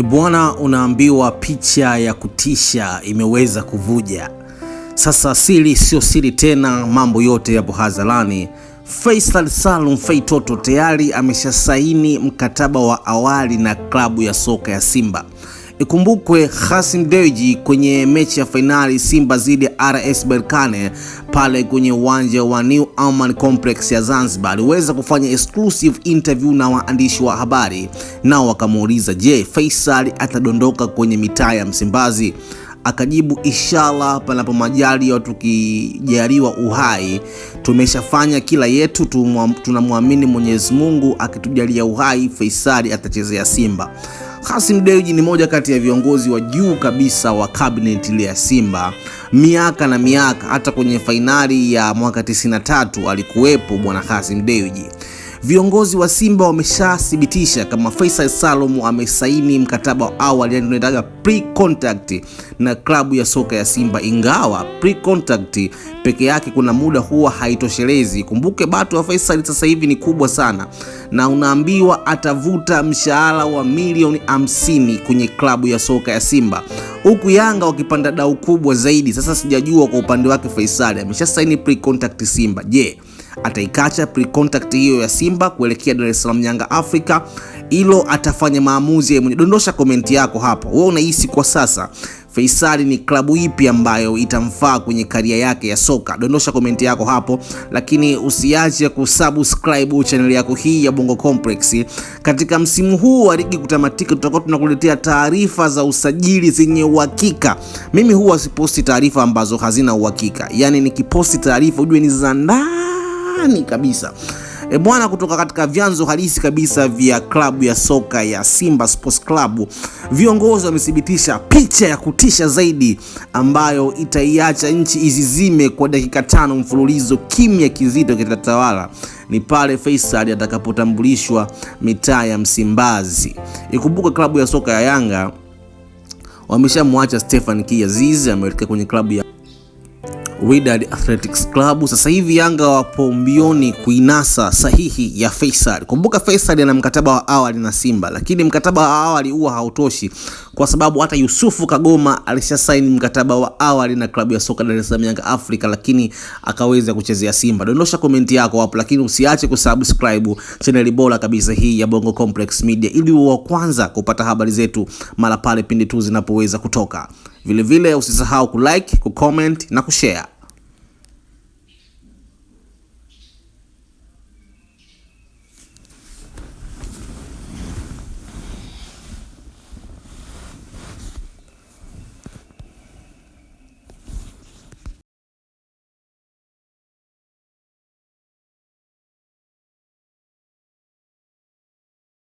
E Bwana, unaambiwa picha ya kutisha imeweza kuvuja. Sasa siri sio siri tena, mambo yote yapo hadharani. Faisal Salum Feitoto tayari ameshasaini mkataba wa awali na klabu ya soka ya Simba. Ikumbukwe Hasim deji kwenye mechi ya fainali Simba dhidi ya RS Berkane pale kwenye uwanja wa New Aman Complex ya Zanzibar aliweza kufanya exclusive interview na waandishi wa habari, nao wakamuuliza, je, Faisal atadondoka kwenye mitaa ya Msimbazi? Akajibu, inshallah, panapo ya tukijaliwa uhai. Tumeshafanya kila yetu, tunamwamini Mwenyezi Mungu, akitujalia uhai Faisal atachezea Simba. Hasim Dewji ni moja kati ya viongozi wa juu kabisa wa kabineti ile ya Simba miaka na miaka. Hata kwenye fainali ya mwaka 93 alikuwepo bwana Hasim Dewji. Viongozi wa Simba wameshathibitisha kama Faisal Salum amesaini mkataba wa awali, yani tunaitaga pre-contract na klabu ya soka ya Simba, ingawa pre-contract peke yake kuna muda huwa haitoshelezi. Kumbuke bato ya Faisal sasa hivi ni kubwa sana, na unaambiwa atavuta mshahara wa milioni 50 kwenye klabu ya soka ya Simba huku Yanga wakipanda dau kubwa zaidi. Sasa sijajua kwa upande wake Faisal ameshasaini pre-contract Simba, je, yeah ataikacha pre-contact hiyo ya Simba kuelekea Dar es Salaam Yanga Africa. Hilo atafanya maamuzi yeye mwenyewe. Dondosha komenti yako hapo, wewe unahisi kwa sasa Faisali ni klabu ipi ambayo itamfaa kwenye karia yake ya soka? Dondosha komenti yako hapo, lakini usiache kusubscribe channel yako hii ya Bongo Complex. Katika msimu huu wa ligi kutamatika, tutakuwa tunakuletea taarifa za usajili zenye uhakika. Mimi huwa siposti taarifa ambazo hazina uhakika, yaani nikiposti taarifa ujue ni za ndani ndani kabisa. E bwana, kutoka katika vyanzo halisi kabisa vya klabu ya soka ya Simba Sports Club, viongozi wamethibitisha picha ya kutisha zaidi ambayo itaiacha nchi izizime kwa dakika tano mfululizo. Kimya kizito kitatawala ni pale Faisal atakapotambulishwa mitaa ya Msimbazi. Ikumbuka klabu ya soka ya Yanga wameshamwacha Stefan Kiazizi ameelekea kwenye klabu ya Wydad Athletics Club. Sasa hivi Yanga wapo mbioni kuinasa sahihi ya Faisal. Kumbuka Faisal ana mkataba wa awali na Simba, lakini mkataba wa awali huwa hautoshi kwa sababu hata Yusufu Kagoma alishasaini mkataba wa awali na klabu ya soka Dar es Salaam Yanga afrika lakini akaweza kuchezea Simba. Dondosha komenti yako hapo, lakini usiache kusubscribe chaneli bora kabisa hii ya Bongo Complex Media ili wa kwanza kupata habari zetu mara pale pindi tu zinapoweza kutoka. Vilevile usisahau kulike, kucomment na kushare.